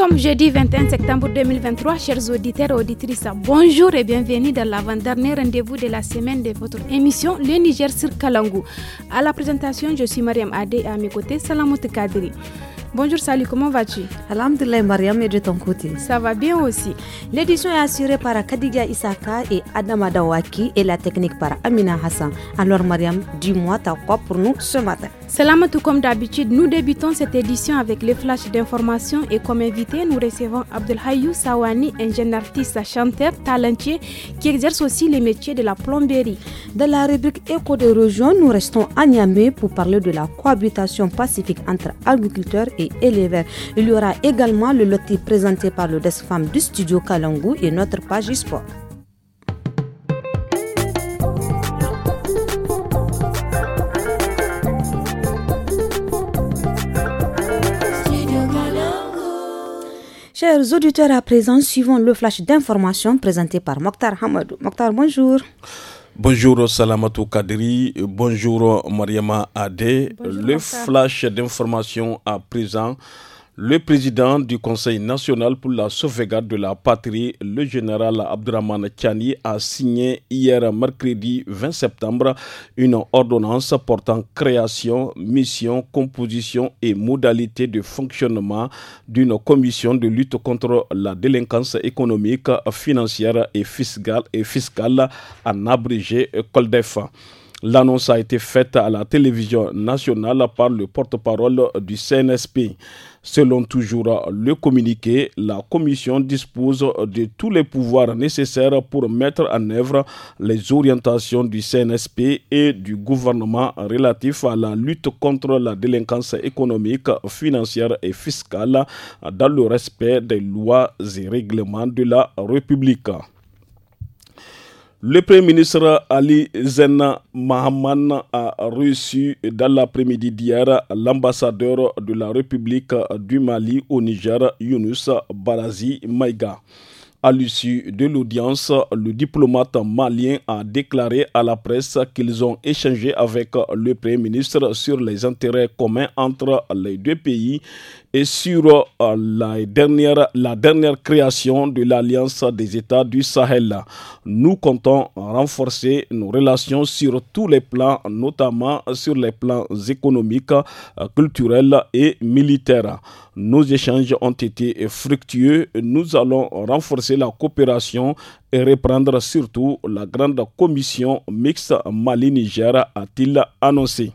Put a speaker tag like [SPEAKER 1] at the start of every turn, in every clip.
[SPEAKER 1] sommes jeudi 21 septembre 2023, chers auditeurs et auditrices. Bonjour et bienvenue dans l'avant-dernier rendez-vous de la semaine de votre émission Le Niger sur Kalangou. À la présentation, je suis Mariam Ade et à mes côtés, Salamout Kadri. Bonjour Salut, comment vas-tu Alhamdulillah Mariam et de ton côté. Ça va bien aussi. L'édition est assurée par Kadiga Isaka et Adam Adawaki
[SPEAKER 2] et la technique par Amina Hassan. Alors Mariam, dis-moi ta quoi pour nous ce matin
[SPEAKER 1] tout comme d'habitude, nous débutons cette édition avec les flashs d'informations et comme invité, nous recevons Abdelhayou Sawani, un jeune artiste, chanteur, talentueux qui exerce aussi les métiers de la plomberie. Dans la rubrique Éco des régions,
[SPEAKER 2] nous restons à
[SPEAKER 1] Niamey pour parler de la
[SPEAKER 2] cohabitation pacifique entre agriculteurs et éleveurs. Il y aura également le loti présenté par le desk femme du studio Kalangu et notre page e sport. Chers auditeurs, à présent, suivons le flash d'information présenté par Mokhtar Hamadou. Mokhtar, bonjour.
[SPEAKER 3] Bonjour Salamatou Kadri, bonjour Mariama Adé. le flash d'information à présent le président du Conseil national pour la sauvegarde de la patrie, le général Abdurrahman Tchani, a signé hier mercredi 20 septembre une ordonnance portant création, mission, composition et modalités de fonctionnement d'une commission de lutte contre la délinquance économique, financière et fiscale, et fiscale en abrégé COLDEF. L'annonce a été faite à la télévision nationale par le porte-parole du CNSP. Selon toujours le communiqué, la Commission dispose de tous les pouvoirs nécessaires pour mettre en œuvre les orientations du CNSP et du gouvernement relatifs à la lutte contre la délinquance économique, financière et fiscale dans le respect des lois et règlements de la République. Le Premier ministre Ali Zena Mahaman a reçu dans l'après-midi d'hier l'ambassadeur de la République du Mali au Niger, Younous Barazi Maïga. À l'issue de l'audience, le diplomate malien a déclaré à la presse qu'ils ont échangé avec le Premier ministre sur les intérêts communs entre les deux pays et sur euh, la, dernière, la dernière création de l'Alliance des États du Sahel. Nous comptons renforcer nos relations sur tous les plans, notamment sur les plans économiques, euh, culturels et militaires. Nos échanges ont été fructueux. Nous allons renforcer la coopération et reprendre surtout la grande commission mixte Mali-Niger, a-t-il annoncé.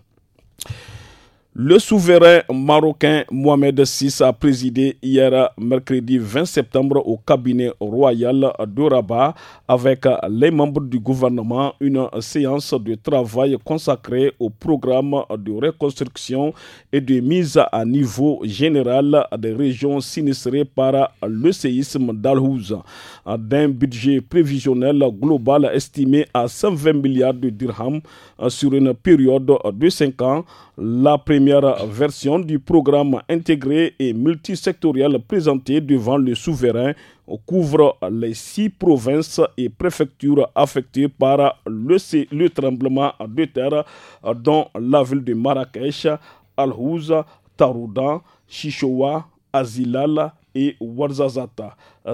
[SPEAKER 3] Le souverain marocain Mohamed VI a présidé hier mercredi 20 septembre au cabinet royal de Rabat avec les membres du gouvernement une séance de travail consacrée au programme de reconstruction et de mise à niveau général des régions sinistrées par le séisme d'Alhouz d'un budget prévisionnel global estimé à 120 milliards de dirhams sur une période de 5 ans. La première version du programme intégré et multisectoriel présenté devant le souverain couvre les six provinces et préfectures affectées par le, tremblement de terre, dont la ville de Marrakech, Al-Houz, Taroudan, Chichoua, Azilal et Ouarzazate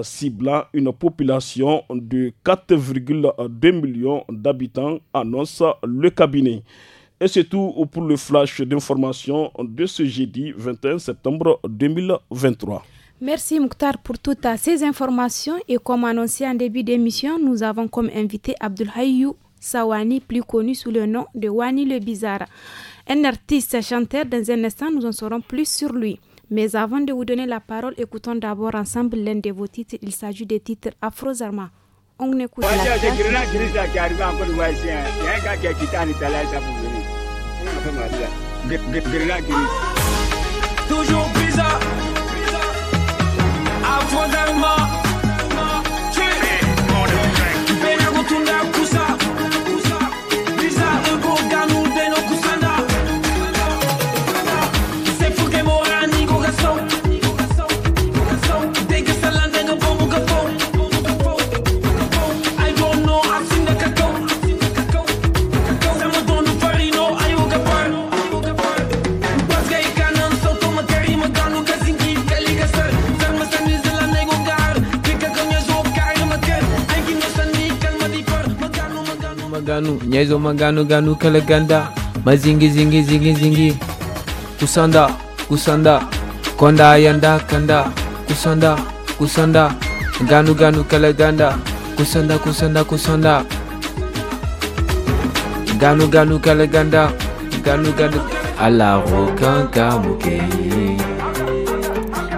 [SPEAKER 3] ciblant une population de 4,2 millions d'habitants, annonce le cabinet. Et c'est tout pour le flash d'information de ce jeudi 21 septembre 2023.
[SPEAKER 1] Merci Mouktar pour toutes ces informations et comme annoncé en début d'émission, nous avons comme invité Abdulhayou Sawani, plus connu sous le nom de Wani le Bizarre. Un artiste chanteur, dans un instant nous en saurons plus sur lui. Mais avant de vous donner la parole, écoutons d'abord ensemble l'un de vos titres. Il s'agit des titres Afro Zarma. On écoute la
[SPEAKER 4] Toujours bizarre, à, Avant
[SPEAKER 5] maganu nyezo maganu ganu kale ganda mazingi zingi zingi zingi kusanda kusanda konda yanda kanda kusanda kusanda ganu ganu kale ganda kusanda kusanda kusanda ganu ganu kale ganda ganu ganu ala rokanga mukei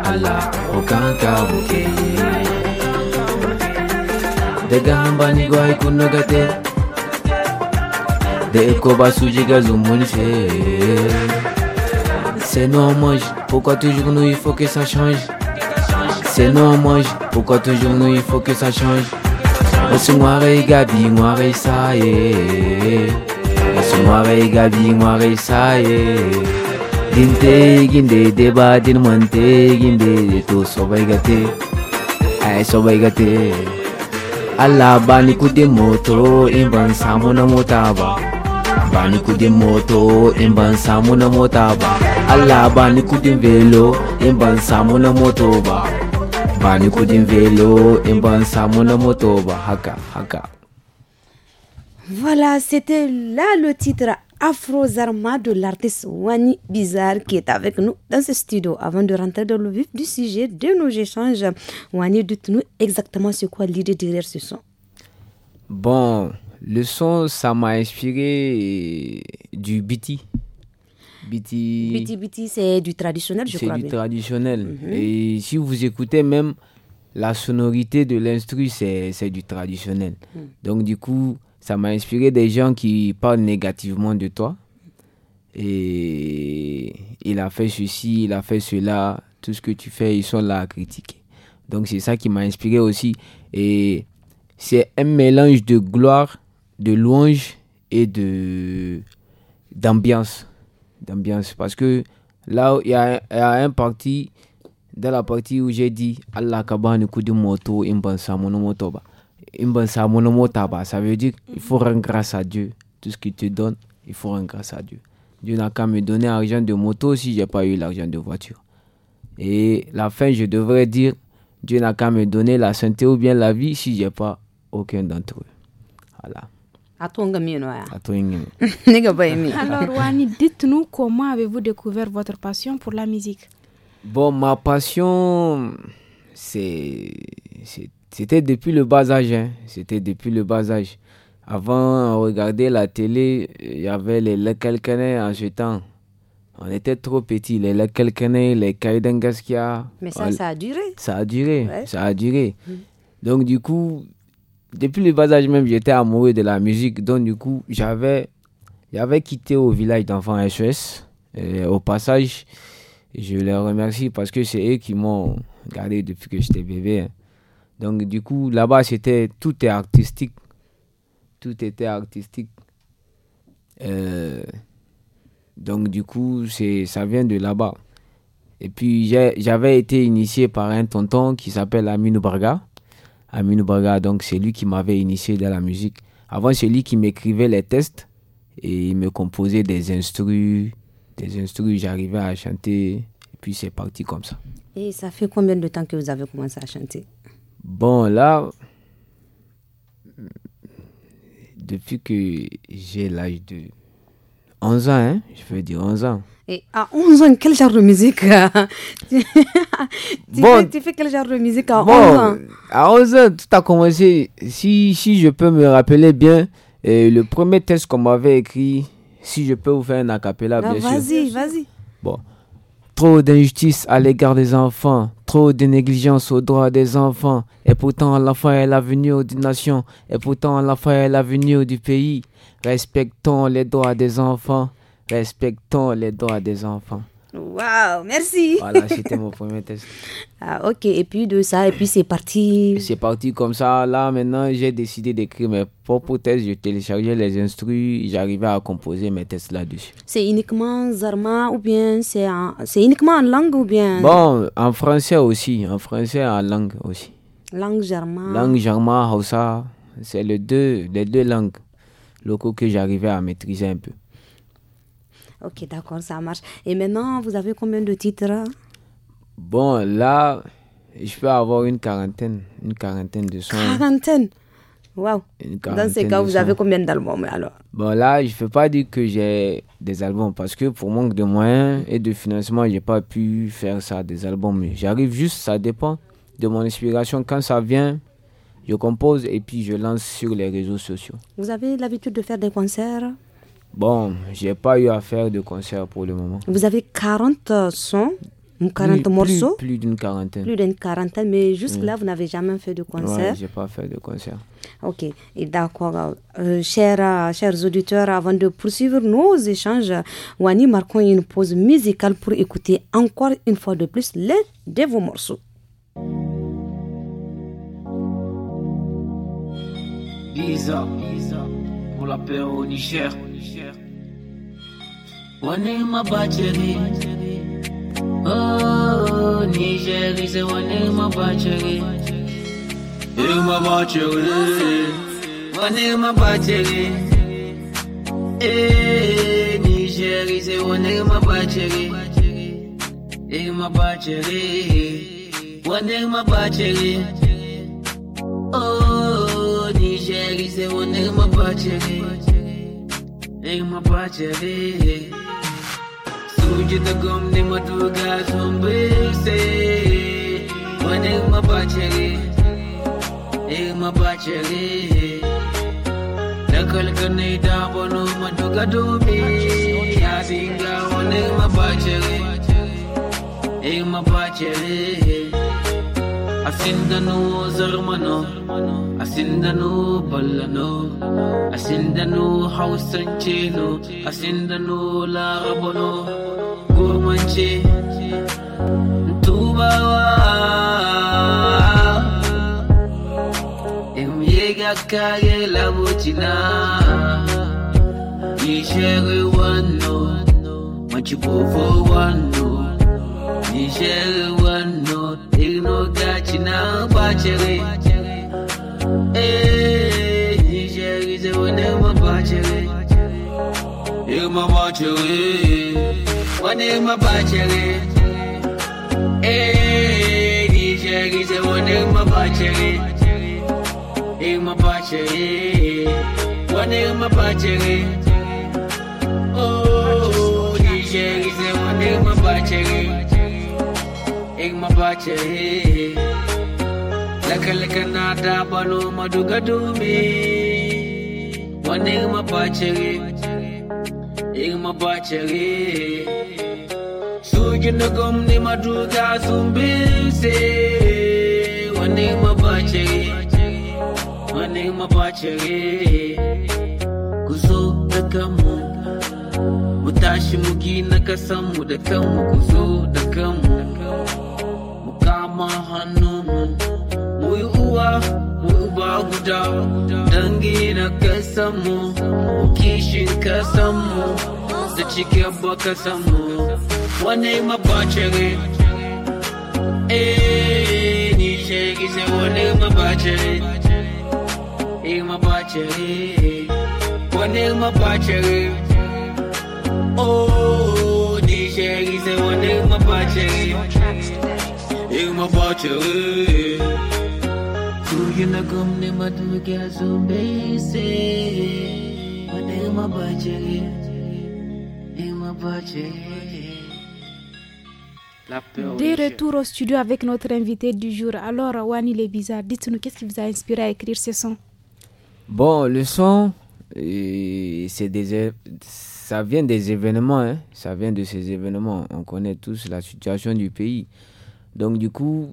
[SPEAKER 5] ala rokanga mukei daga hambani gwai kunogate C'est non pourquoi toujours nous il faut que ça change C'est non pourquoi toujours nous il faut que ça change On se moi, et Gabi, moi, et ça est On se noire et Gabi, noire et ça est Dinte ginde débat din ginde to sobai gate eh, ai sobai gate Allah bani moto in ban samu na mota ba. Voilà, c'était là
[SPEAKER 2] le titre Afro Zarma de l'artiste Wani Bizarre qui est avec nous dans ce studio. Avant de rentrer dans le vif du sujet de nos échanges, Wani, dites-nous exactement ce quoi l'idée derrière ce son.
[SPEAKER 5] Bon, le son, ça m'a inspiré du biti. Biti,
[SPEAKER 2] biti, c'est du traditionnel, je crois. C'est du traditionnel. Mhm.
[SPEAKER 5] Et si vous écoutez même la sonorité de l'instru, c'est du traditionnel. Hmm. Donc du coup, ça m'a inspiré des gens qui parlent négativement de toi. Et il a fait ceci, il a fait cela, tout ce que tu fais, ils sont là à critiquer. Donc c'est ça qui m'a inspiré aussi. Et c'est un mélange de gloire de louange et de d'ambiance d'ambiance parce que là il y, a un parti dans la partie où j'ai dit Allah moto imbansa monomoto ba ça veut dire il faut rendre grâce à Dieu tout ce qu'il te donne il faut rendre grâce à Dieu Dieu n'a qu'à me donner l'argent de moto si j'ai pas eu l'argent de voiture et la fin je devrais dire Dieu n'a qu'à me donner la santé ou bien la vie si j'ai pas aucun d'entre eux voilà
[SPEAKER 1] Alors, Wani, dites-nous comment avez-vous découvert votre passion pour la musique
[SPEAKER 5] Bon, ma passion, c'est, c'était depuis le bas âge. Hein. C'était depuis le bas âge. Avant, on regardait la télé, il y avait les Lekelkenais en jetant. On était trop petits, les Lekelkenais, les Kaidengaskia. Mais ça, ça a duré. Ça a duré, ça a duré. Mm. Donc, du coup, depuis le bas âge même, j'étais amoureux de la musique. Donc, du coup, j'avais, j'avais quitté au village d'enfants SOS. E au passage, je les remercie parce que c'est eux qui m'ont gardé depuis que j'étais bébé. Hein. Donc, du coup, là-bas, c'était tout est artistique. Tout était artistique. Euh, donc, du coup, c'est, ça vient de là-bas. Et puis, j'avais été initié par un tonton qui s'appelle Amino Barga. Aminou Braga, donc c'est lui qui m'avait initié dans la musique. Avant, c'est lui qui m'écrivait les tests et il me composait des instrus, des instrus, j'arrivais à chanter, et puis c'est parti comme ça.
[SPEAKER 2] Et ça fait combien de temps que vous avez commencé à chanter
[SPEAKER 5] Bon, là, depuis que j'ai l'âge de 11 ans, hein, je veux dire 11 ans. Et à 11 ans, quel genre de musique tu,
[SPEAKER 2] fais, quel genre de musique à onze
[SPEAKER 5] 11 ans À 11 ans, tout a commencé, si, si je peux me rappeler bien, euh, le premier test qu'on m'avait écrit, si je peux vous faire un acapella, ah, bien sûr. Vas-y, vas-y. Bon. Trop d'injustice à l'égard des enfants, trop de négligence aux droits des enfants, et pourtant l'enfant est l'avenir des nations, et pourtant l'enfant est l'avenir du pays. Respectons les droits des enfants. Respectons les droits des enfants.
[SPEAKER 2] Waouh, merci. Voilà, c'était mon premier test.
[SPEAKER 5] Ah, ok, et puis de ça, et puis c'est parti. C'est parti comme ça. Là, maintenant, j'ai décidé d'écrire mes propres tests. Je téléchargeais les instruits. J'arrivais à composer mes tests là-dessus.
[SPEAKER 2] C'est uniquement Zarma ou bien c'est en... uniquement en langue ou bien. Bon,
[SPEAKER 5] en français aussi. En français, en langue aussi.
[SPEAKER 2] Langue Zarma. Langue
[SPEAKER 5] Zarma, ça, C'est les deux, les deux langues locaux que j'arrivais à maîtriser un peu.
[SPEAKER 2] Ok, d'accord, ça marche. Et maintenant, vous avez combien de titres
[SPEAKER 5] Bon, là, je peux avoir une quarantaine, une quarantaine de sons.
[SPEAKER 2] Quarantaine Waouh Dans ces cas, vous avez combien
[SPEAKER 5] d'albums alors Bon, là, je ne peux pas dire que j'ai des albums parce que pour manque de moyens et de financement, je n'ai pas pu faire ça, des albums. J'arrive juste, ça dépend de mon inspiration. Quand ça vient, je compose et puis je lance sur les réseaux sociaux.
[SPEAKER 2] Vous avez l'habitude de faire des concerts
[SPEAKER 5] Bon, j'ai pas eu à faire de concerts pour le moment. Vous
[SPEAKER 2] avez 40 sons 40 morceaux Plus, d'une quarantaine. Plus d'une quarantaine, mais jusque-là, vous n'avez jamais fait de concert Oui, je n'ai pas
[SPEAKER 5] fait de concert.
[SPEAKER 2] Ok, et d'accord. Euh, chers, euh, chers auditeurs, avant de poursuivre nos échanges, Wani, marquons une pause musicale pour écouter encore une fois de plus les de vos morceaux.
[SPEAKER 6] Lisa, pour la paix au Niger. Wane ma bacheri, oh Niger, c'est wane ma bacheri. E wane ma bacheri, e, wane ma bacheri. Eh Niger, c'est wane ma bacheri. Eh ma bacheri, wane ma bacheri. Oh. Shaggy said, well, nigga, my butt checking. Nigga, my butt checking. Suji the gum, name my two guys from Big Say. My nigga, my butt checking. Nigga, my butt checking. Nakal kanai da bono maduga dobi. Ya singa, nigga, my butt checking. Nigga, my butt checking. ಅಸಿಂದನು ಜರ್ಮನು ಅಸಿಂದನು ಬಲ್ಲನು ಅಸಿಂದನು ಹೌಸಂಚೇನು ಅಸಿಂದನು ಲಾರಬನು ಗೋರ್ಮಂಚೆ ತೂಬವ ಎಂಯೇಗಕ್ಕಾಗೆ ಲವಚಿನ ಈ ಶೇರುವನ್ನು ಮಚ್ಚು ಬೋವನ್ನು ಈ ಶೇರುವ na ɓace rai eh jari zama na maɓace rai irma ɓace rai wani irma ɓace rai eh jari zama na maɓace rai irma ɓace rai wani irma ɓace rai oh jari zama na maɓace rai in mabace lakalaka na ta no maduga dumi wani in mabace in mabace su gina gwamni maduga sun bise wani in mabace wani in mabace ku zo da kanmu mu mugi mu gina kasanmu da kanmu ku da kanmu kama hannunmu mu yi uwa mu uba guda dangi na kasanmu kishin kasanmu da cike ba kasanmu wane ma eh ni shege sai wane mabacere eh mabacere wane mabacere oh ni shege sai ma mabacere
[SPEAKER 1] Des retours au studio avec notre invité du jour. Alors, Wani les dites-nous qu'est-ce qui vous a inspiré à écrire ce son
[SPEAKER 5] Bon, le son, c'est des, ça vient des événements. Hein. Ça vient de ces événements. On connaît tous la situation du pays. Donc du coup,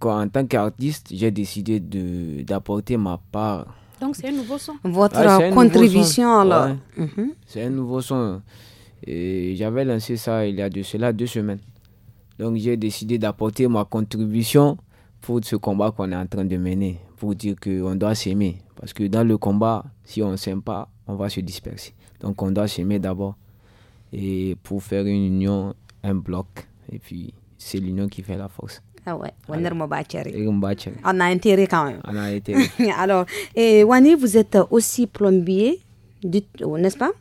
[SPEAKER 5] quoi, en tant qu'artiste, j'ai décidé d'apporter ma part.
[SPEAKER 1] Donc c'est un nouveau son. Votre
[SPEAKER 5] ah,
[SPEAKER 2] contribution là. Mhm.
[SPEAKER 5] C'est un nouveau son. J'avais lancé ça il y a de cela deux semaines. Donc j'ai décidé d'apporter ma contribution pour ce combat qu'on est en train de mener, pour dire qu'on doit s'aimer. Parce que dans le combat, si on ne s'aime pas, on va se disperser. Donc on doit s'aimer d'abord et pour faire une union, un bloc. Et puis c'est l'union qui fait la force.
[SPEAKER 2] Ah ouais, ah, on a intérêt quand même.
[SPEAKER 5] On a intérêt.
[SPEAKER 2] Alors, et Wani, vous êtes aussi plombier, euh, n'est-ce pas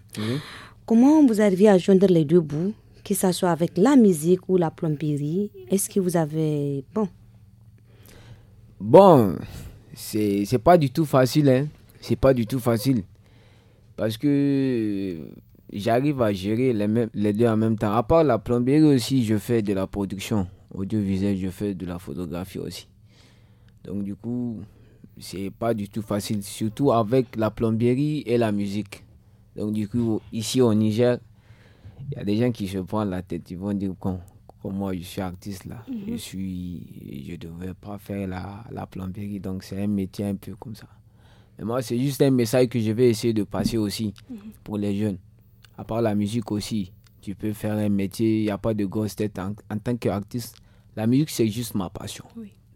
[SPEAKER 2] Comment vous arrivez à joindre les deux bouts, que ce soit avec la musique ou la plomberie Est-ce que vous avez... Bon.
[SPEAKER 5] Bon, c'est pas du tout facile, hein. C'est pas du tout facile. Parce que j'arrive à gérer les, les deux en même temps. À part la plomberie aussi, je fais de la production audiovisuelle, je fais de la photographie aussi. Donc du coup, c'est pas du tout facile, surtout avec la plomberie et la musique. Donc du coup, ici au Niger, il y a des gens qui se prennent la tête, ils vont dire qu'on moi je suis artiste là, mhm. je suis, je devrais pas faire la, la plomberie, donc c'est un métier un peu comme ça. Mais moi c'est juste un message que je vais essayer de passer aussi mhm. pour les jeunes à part la musique aussi, tu peux faire un métier, il n'y a pas de grosse tête. En, tant qu'artiste, la musique, c'est juste ma passion.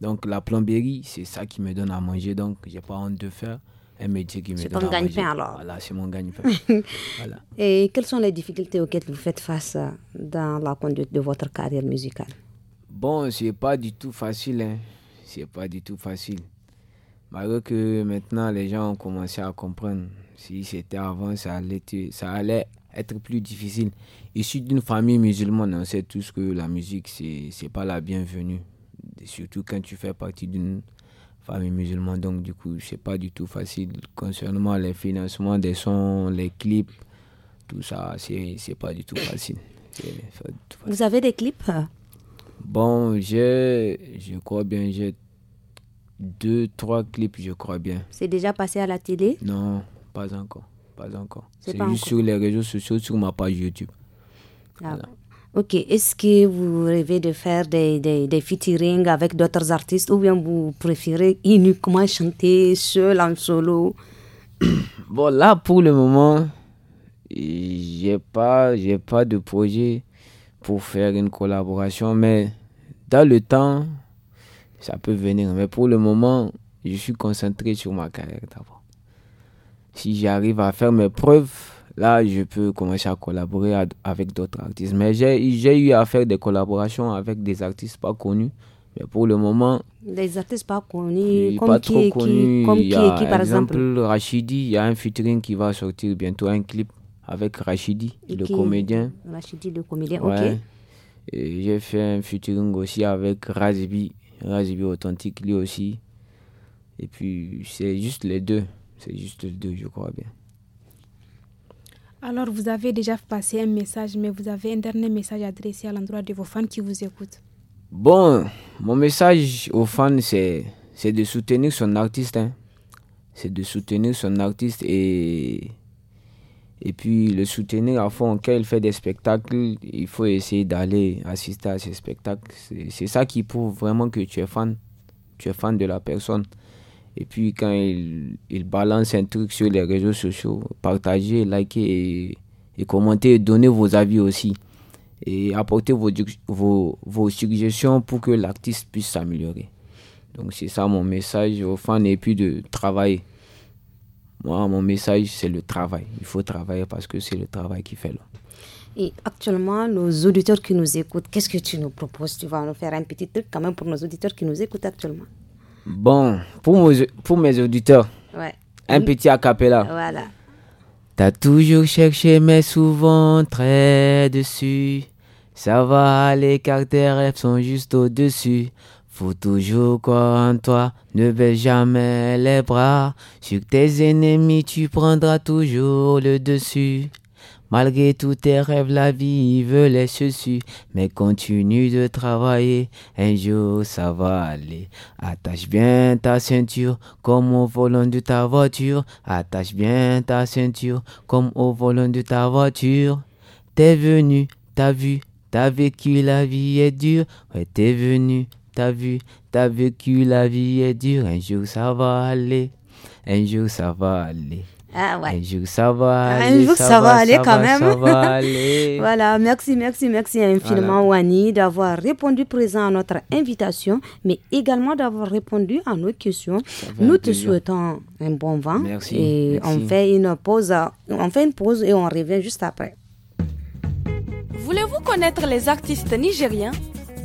[SPEAKER 5] Donc la plomberie, c'est ça qui me donne à manger, donc j'ai pas honte de faire un métier qui me donne à manger. C'est mon alors. Voilà, c'est mon gagne-pain.
[SPEAKER 2] voilà. Et quelles sont les difficultés auxquelles vous faites face euh, dans la conduite de votre carrière musicale
[SPEAKER 5] Bon, ce n'est pas du tout facile, hein. c'est pas du tout facile. Malgré que maintenant les gens ont commencé à comprendre. Si c'était avant, ça allait, ça allait être plus difficile. Issu d'une famille musulmane, on sait tous que la musique, c'est n'est pas la bienvenue. surtout quand tu fais partie d'une famille musulmane. Donc, du coup, c'est pas du tout facile. Concernant les financements des sons, les clips, tout ça, c'est n'est Pas du tout facile.
[SPEAKER 2] Vous avez des clips
[SPEAKER 5] Bon, j'ai, je crois bien, j'ai deux, trois clips, je crois bien.
[SPEAKER 2] C'est déjà passé à la télé
[SPEAKER 5] Non, pas encore. Pas encore. C'est juste sur les réseaux sociaux, sur ma page YouTube.
[SPEAKER 2] Ah ok, est-ce que vous rêvez de faire des, des, des featuring avec d'autres artistes ou bien vous préférez uniquement chanter seul en solo
[SPEAKER 5] Bon, là pour le moment, j'ai pas, j'ai pas de projet pour faire une collaboration, mais dans le temps, ça peut venir. Mais pour le moment, je suis concentré sur ma carrière d'abord si j'arrive à faire mes preuves, là, je peux commencer à collaborer avec d'autres artistes. Mais j'ai eu à faire des collaborations avec des artistes pas connus. Mais pour le moment.
[SPEAKER 2] Des artistes pas connus, comme pas trop connus. comme par exemple,
[SPEAKER 5] Rachidi, il y a un featuring qui va sortir bientôt, un clip avec Rachidi, le comédien.
[SPEAKER 2] Rachidi, le comédien, ok.
[SPEAKER 5] J'ai fait un featuring aussi avec Razbi, Razbi Authentique lui aussi. Et puis, c'est juste les deux. C'est juste deux, je crois bien.
[SPEAKER 1] Alors, vous avez déjà passé un message, mais vous avez un dernier message adressé à l'endroit de vos fans qui vous écoutent.
[SPEAKER 5] Bon, mon message aux fans, c'est, c'est de soutenir son artiste. Hein. C'est de soutenir son artiste et, et puis le soutenir à fond. Quand il fait des spectacles, il faut essayer d'aller assister à ces spectacles. c'est ça qui prouve vraiment que tu es fan. Tu es fan de la personne. Et puis quand il, il, balance un truc sur les réseaux sociaux, partagez, likez et, commentez, donnez vos avis aussi. Et apportez vos, vos, suggestions pour que l'artiste puisse s'améliorer. Donc c'est ça mon message aux fans et puis de travail. Moi, mon message, c'est le travail. Il faut travailler parce que c'est le travail qui fait l'homme.
[SPEAKER 2] Et actuellement, nos auditeurs qui nous écoutent, qu'est-ce que tu nous proposes Tu vas nous faire un petit truc quand même pour nos auditeurs qui nous écoutent actuellement
[SPEAKER 5] Bon, pour, mes auditeurs, un petit acapella. Voilà. T'as toujours cherché, mais souvent très dessus. Ça va les caractères tes sont juste au-dessus. Faut toujours croire en toi, ne baisse jamais les bras. Sur tes ennemis, tu prendras toujours le dessus. Malgré tous tes rêves, la vie veut les chaussures mais continue de travailler, un jour ça va aller. Attache bien ta ceinture, comme au volant de ta voiture, attache bien ta ceinture, comme au volant de ta voiture. T'es venu, t'as vu, t'as vécu, la vie est dure, ouais t'es venu, t'as vu, t'as vécu, la vie est dure, un jour ça va aller, un jour ça va aller. Ah ouais. Un jour, ah, ça va aller. ça, va, aller quand même.
[SPEAKER 2] voilà, merci, merci, merci infiniment, Wani, d'avoir répondu présent à notre invitation, mais également d'avoir répondu à nos questions. Nous te souhaitons un bon vent. Merci. Et on fait une pause, on fait une pause et on revient juste après.
[SPEAKER 7] Voulez-vous connaître les artistes nigériens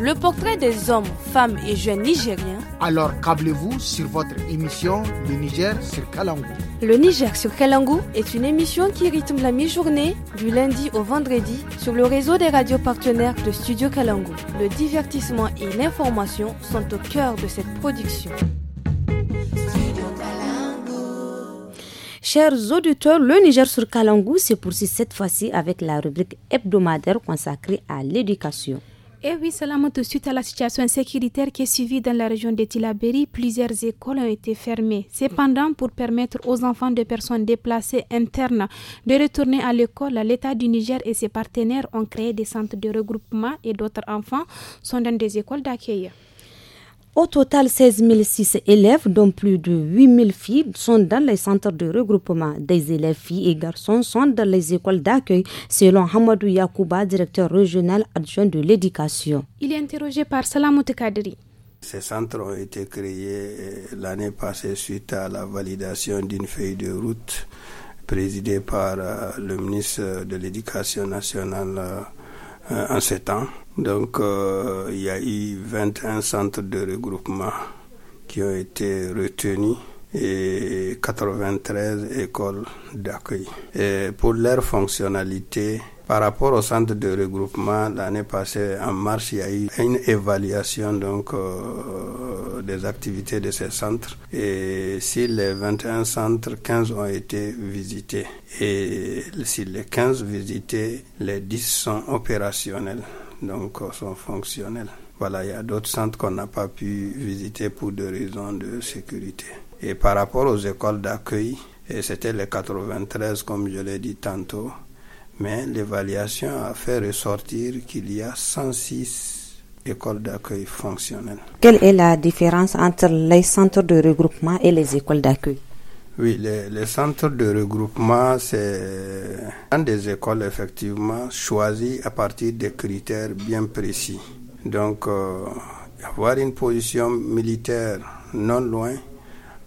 [SPEAKER 7] le portrait des hommes, femmes et jeunes nigériens.
[SPEAKER 8] Alors câblez-vous sur votre émission Le Niger sur Kalangou.
[SPEAKER 7] Le Niger sur Kalangou est une émission qui rythme la mi-journée du lundi au vendredi sur le réseau des radios partenaires de Studio Kalangou. Le divertissement et l'information sont au cœur de cette production.
[SPEAKER 2] Chers auditeurs, le Niger sur Kalangou se poursuit cette fois-ci avec la rubrique hebdomadaire consacrée à l'éducation.
[SPEAKER 1] Et eh oui, de suite à la situation sécuritaire qui est suivie dans la région de Tilaberi, plusieurs écoles ont été fermées. Cependant, pour permettre aux enfants de personnes déplacées internes de retourner à l'école, l'État du Niger et ses partenaires ont créé des centres de regroupement et d'autres enfants sont dans des écoles d'accueil.
[SPEAKER 2] Au total, 16 006 élèves, dont plus de 8 000 filles, sont dans les centres de regroupement. Des élèves filles et garçons sont dans les écoles d'accueil, selon Hamadou Yakouba, directeur régional adjoint de l'éducation.
[SPEAKER 1] Il est interrogé par Salamou Kadri.
[SPEAKER 9] Ces centres ont été créés euh, l'année passée suite à la validation d'une feuille de route présidée par euh, le ministre de l'Éducation nationale euh, en sept ans. Donc, euh, il y a eu 21 centres de regroupement qui ont été retenus et 93 écoles d'accueil. Et pour leur fonctionnalité, par rapport au centres de regroupement, l'année passée, en mars, il y a eu une évaluation donc, euh, des activités de ces centres. Et si les 21 centres, 15 ont été visités. Et si les 15 visités, les 10 sont opérationnels donc euh, sont fonctionnels. Voilà, il y a d'autres centres qu'on n'a pas pu visiter pour des raisons de sécurité. Et par rapport aux écoles d'accueil, et c'était les 93 comme je l'ai dit tantôt, mais l'évaluation a fait ressortir qu'il y a 106 écoles d'accueil fonctionnelles.
[SPEAKER 2] Quelle est la différence entre les centres de regroupement et les écoles
[SPEAKER 9] d'accueil oui, les, centres de regroupement, c'est un des écoles effectivement choisies à partir des critères bien précis. Donc, euh, avoir une position militaire non loin,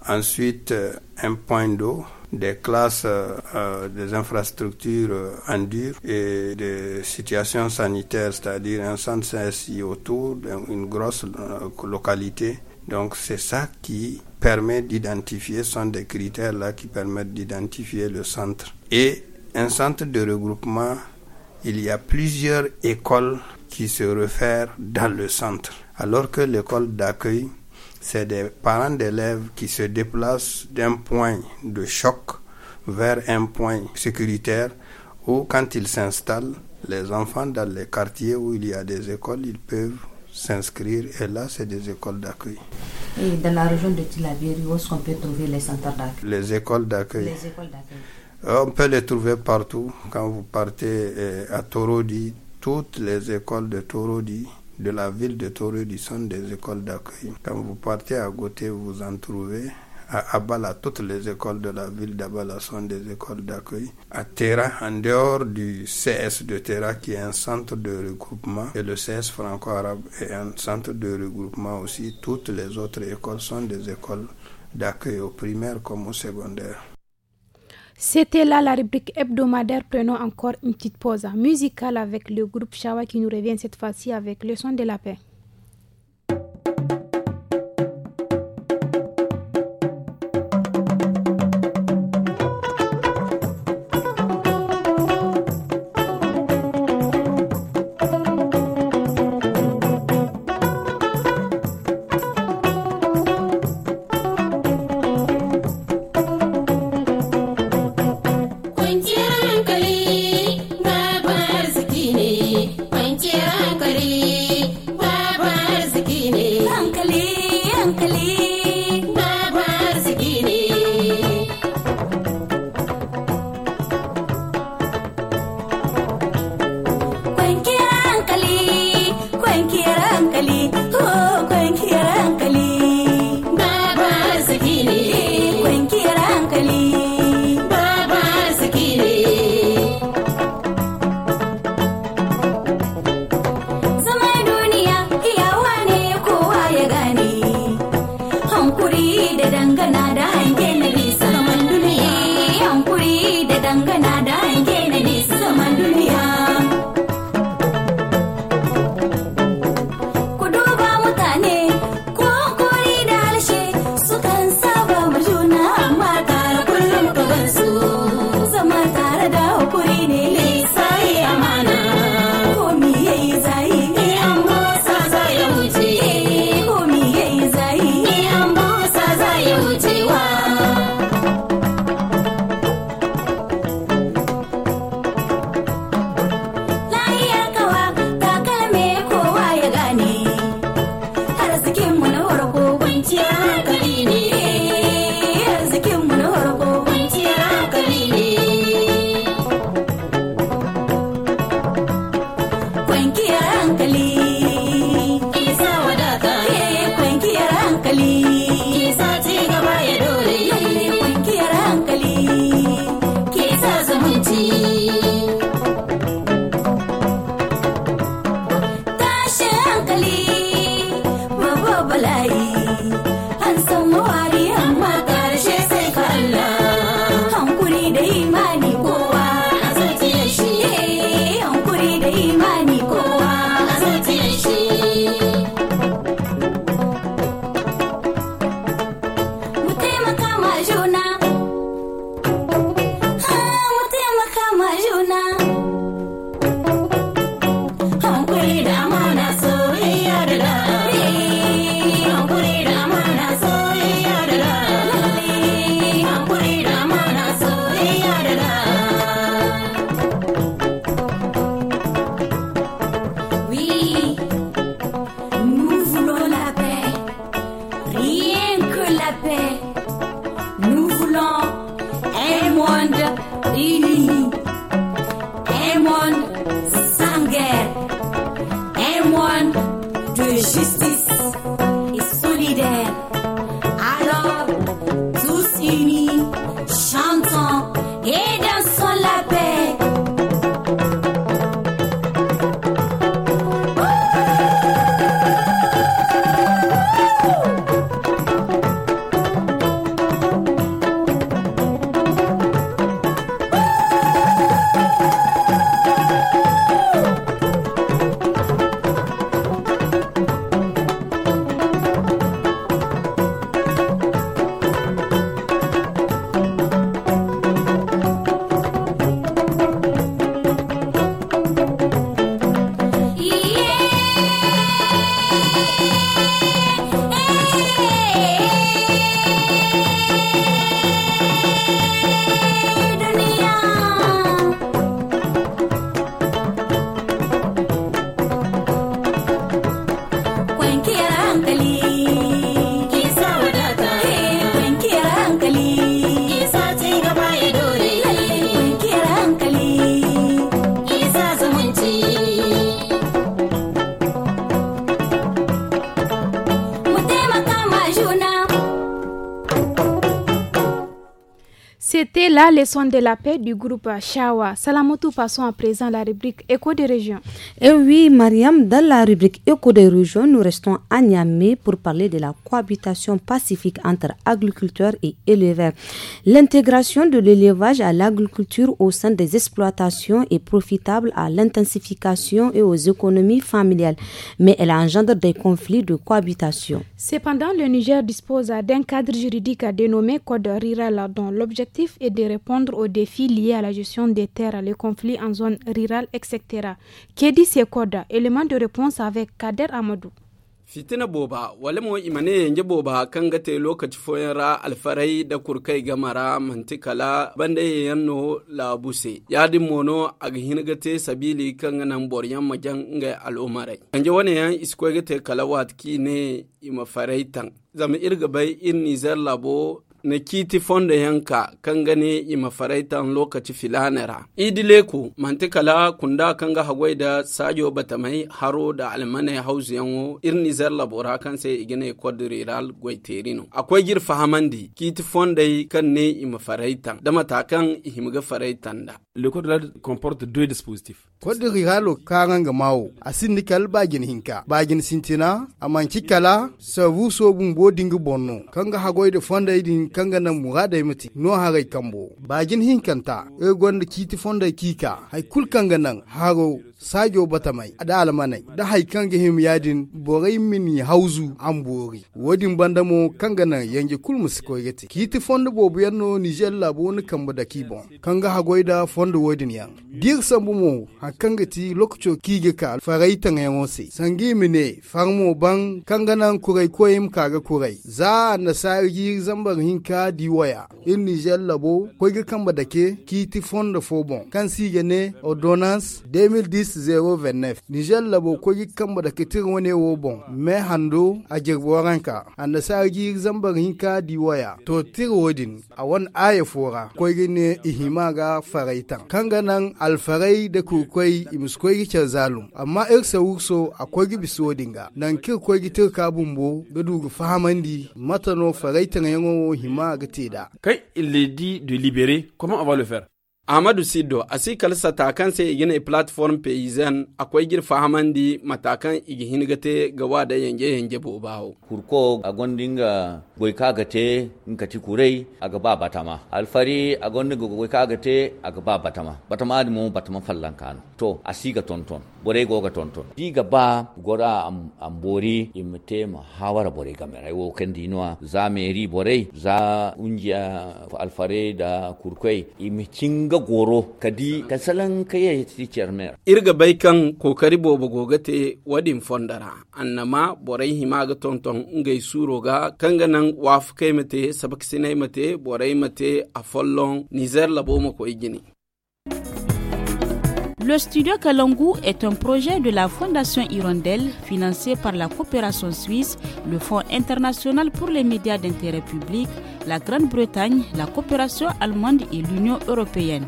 [SPEAKER 9] ensuite euh, un point d'eau, des classes, euh, des infrastructures en dur et des situations sanitaires, c'est-à-dire un centre CSI autour, d'une grosse localité donc c'est ça qui permet d'identifier, sont des critères là qui permettent d'identifier le centre. Et un centre de regroupement, il y a plusieurs écoles qui se refèrent dans le centre. Alors que l'école d'accueil, c'est des parents d'élèves qui se déplacent d'un point de choc vers un point sécuritaire où quand ils s'installent, les enfants dans les quartiers où il y a des écoles, ils peuvent s'inscrire et là, c'est des écoles d'accueil.
[SPEAKER 2] Et dans la région de Tilabiri, où est-ce qu'on peut trouver les centres d'accueil
[SPEAKER 9] Les écoles d'accueil. Les écoles d'accueil. Euh, on peut les trouver partout. Quand vous partez euh, à Torodi, toutes les écoles de Torodi, de la ville de Torodi, sont des écoles d'accueil. Quand vous partez à Gauthier, vous en trouvez à Abala, toutes les écoles de la ville d'Abala sont des écoles d'accueil. À Terra, en dehors du CS de Terra, qui est un centre de regroupement, et le CS franco-arabe est un centre de regroupement aussi, toutes les autres écoles sont des écoles d'accueil au primaire comme au secondaire.
[SPEAKER 1] C'était là la rubrique hebdomadaire. Prenons encore une petite pause musicale avec le groupe Shawa qui nous revient cette fois-ci avec le son de la paix. les soins de la paix du groupe Shawa. Salamotou, passons à présent à la rubrique Écho des régions.
[SPEAKER 2] Et eh oui, Mariam, dans la rubrique Éco des régions, nous restons à Niamey pour parler de la cohabitation pacifique entre agriculteurs et éleveurs. L'intégration de l'élevage à l'agriculture au sein des exploitations est profitable à l'intensification et aux économies familiales, mais elle engendre des conflits de cohabitation.
[SPEAKER 1] Cependant, le Niger dispose d'un cadre juridique à dénommer Code rural dont l'objectif est de répondre aux défis liés à la gestion des terres, les conflits en zone rurale, etc. Kedi Sekoda, élément de réponse avec Kader Amadou.
[SPEAKER 10] fitina boba wale mo imane yanje boba kan gate lokaci alfarai da kurkai gamara mantikala banda yanno la buse yadin mono aga sabili kan nan boryan majan nga al'umarai anje wani yan isko gate kala watki ne ima farai tan zama irga bai in nizar labo na kiti fonda yanka kan gane ima faraitan lokaci filanera. Idile ku mantikala kunda kan ga hagwai da sajo batamai haro da almane hausu yanwo irni zar labora kan sai igine kwadiral gwaiterino. Akwai gir fahamandi kiti fonda yi kan ne ima faraitan da matakan ihimga faraitan da.
[SPEAKER 3] Le code comporte deux
[SPEAKER 10] dispositifs.
[SPEAKER 8] Kwadiralo kan ga mawo asin nikal bagin hinka bagin sintina amanci kala sabu sobun bodingi bonno kan ga hagwai da fonda idin kangana murada miti no harai kambo bagin hinkanta e gonda kiti fonda kika hay kul kangana haro sajo batamai ada almanai da hay kanga him yadin borai mini hauzu an bori wodin bandamo kangana yange kul musikoyete kiti fonda bobu yanno niger labo ni kamba da kibon kanga hagoida fonda wodin yang dir sambumo hakanga ti lokcho kige ka faraita ngayose sangi mine farmo bang kangana kurai koyim kaga kurai za na sargi zambar hin ka di waya. in nijel labo ko ga kamba da ke da fonda bon kan ga ne ordonnance 2010-029 nijel labo ko ga kamba da ke tirin wo bon me hando a an da sa gi zambar di waya to wodin a wan aya fora ko ne ihima ga faraitan kan ganan alfarai da kukwai imiskoi ke zalum amma irsa wurso akwai gibi dinga nan kirkwai gitir kabumbo ga dugu fahamandi matano faraitan yango hima ma ga teda
[SPEAKER 10] kai ledi de libere, comment on va le faire Ahmadu Sido, asi si kalsa takan sai igina platform paysan akwai fahaman di matakan igi gate ga wada yange yange bo bawo.
[SPEAKER 6] Kurko a gondin ga gate in ka ti kurai a ba batama. Alfari a gondin ga gate a ba batama. Batama da mo batama fallan To a si ga tonton. bore goga tonton diga ba gora am, am bori imte ma hawara bore gamera wo kendi za meri bore za unja alfare da kurkwai imicinga goro kadi kasalan kaya ti chairman
[SPEAKER 10] irga baikan kokari bobo gogate wadin fondara annama bore hima ga tonton ngai suro ga kanga nan kai mate sabak sinai mate bore mate a follon nizer labo mako igini
[SPEAKER 1] Le studio Kalangu est un projet de la Fondation Hirondelle financé par la coopération suisse, le Fonds international pour les médias d'intérêt public, la Grande-Bretagne, la coopération allemande et l'Union européenne.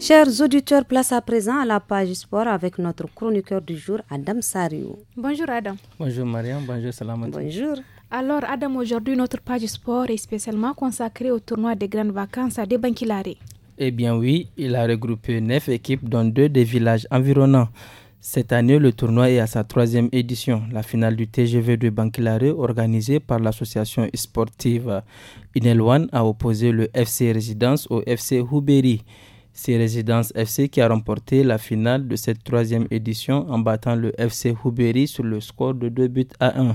[SPEAKER 2] Chers auditeurs, place à présent à la page sport avec notre chroniqueur du jour, Adam Sariou.
[SPEAKER 1] Bonjour Adam.
[SPEAKER 6] Bonjour Marianne, bonjour Salamat. Bonjour.
[SPEAKER 1] Alors, Adam, aujourd'hui, notre page sport est spécialement consacrée au tournoi des grandes vacances à Debankilare.
[SPEAKER 10] Eh bien oui, il a regroupé neuf équipes, dont deux des villages environnants. Cette année, le tournoi est à sa troisième édition. La finale du TGV de Bankilare, organisée par l'association sportive Inelwan, a opposé le FC Résidence au FC Huberi. C'est Résidence FC qui a remporté la finale de cette troisième édition en battant le FC Huberi sur le score de 2 buts à 1.